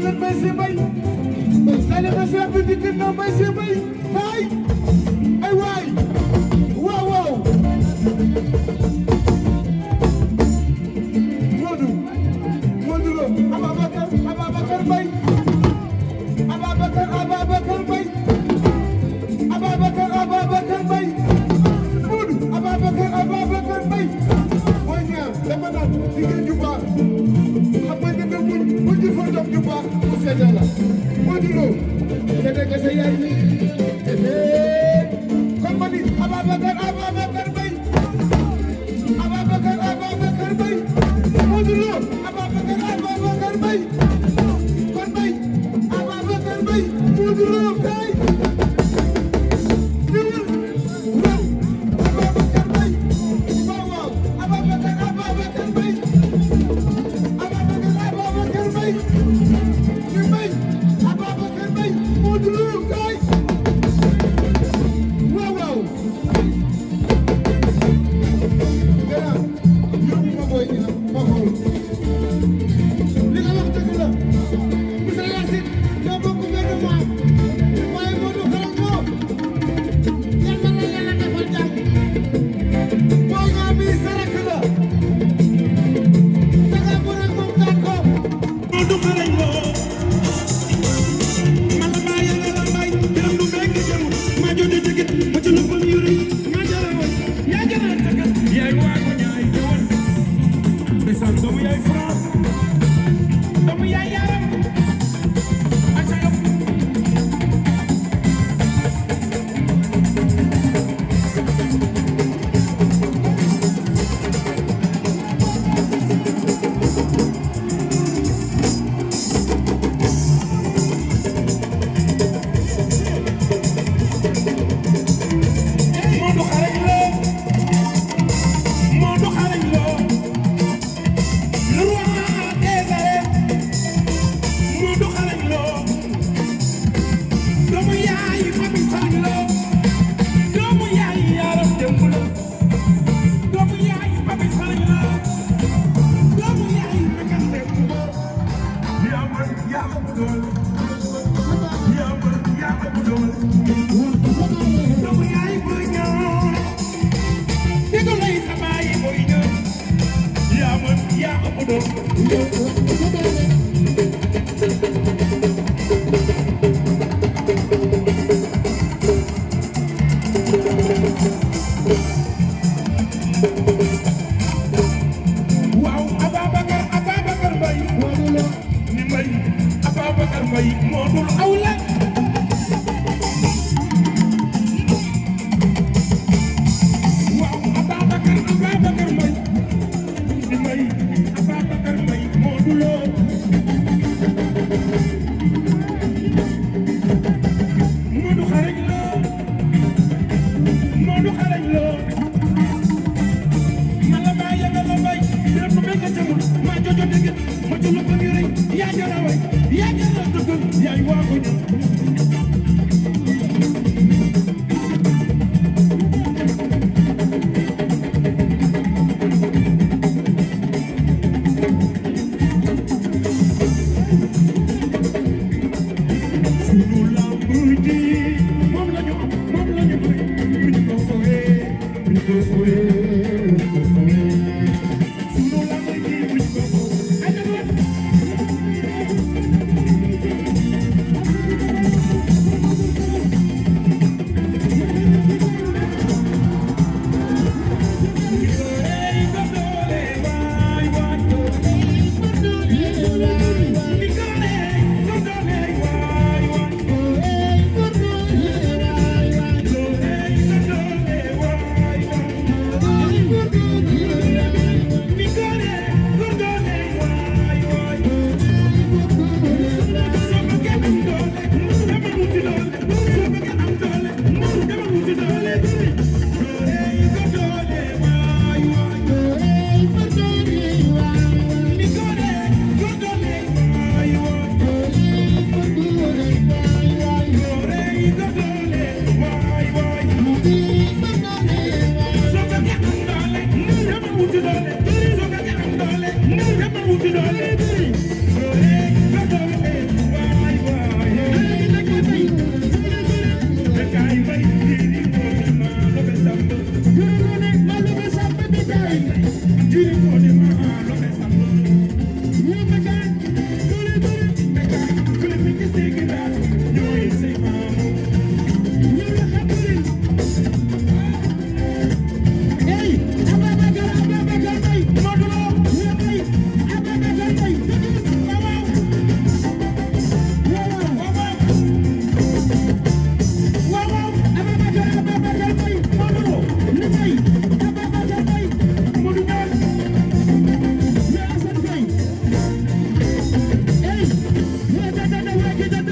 la bay si bay sali ma seex bi dikk na bay si bay bay Modou Lo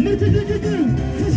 Little, little, little.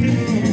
Thank you.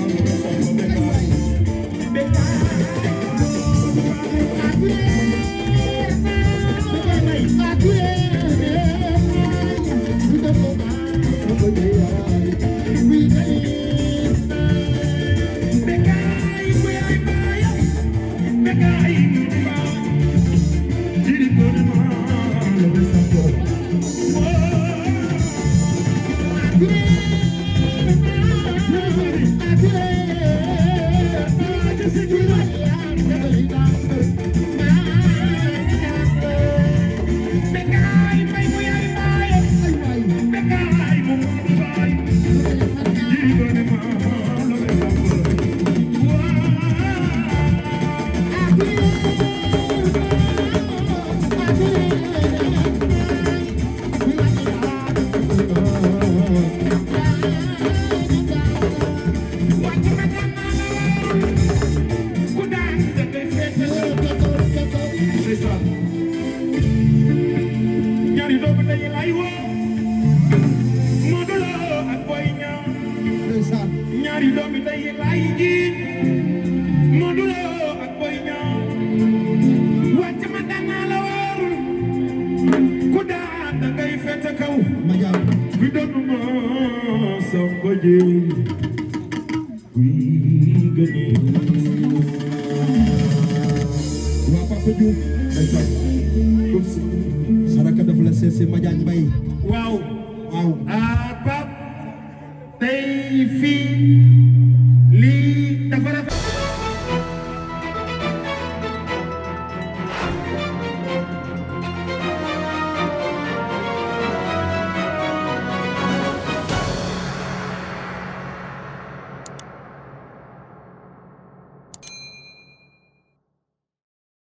Papa Diouf saraka dafa la seesi Madiagne Mbaye waaw waaw ah Pape tey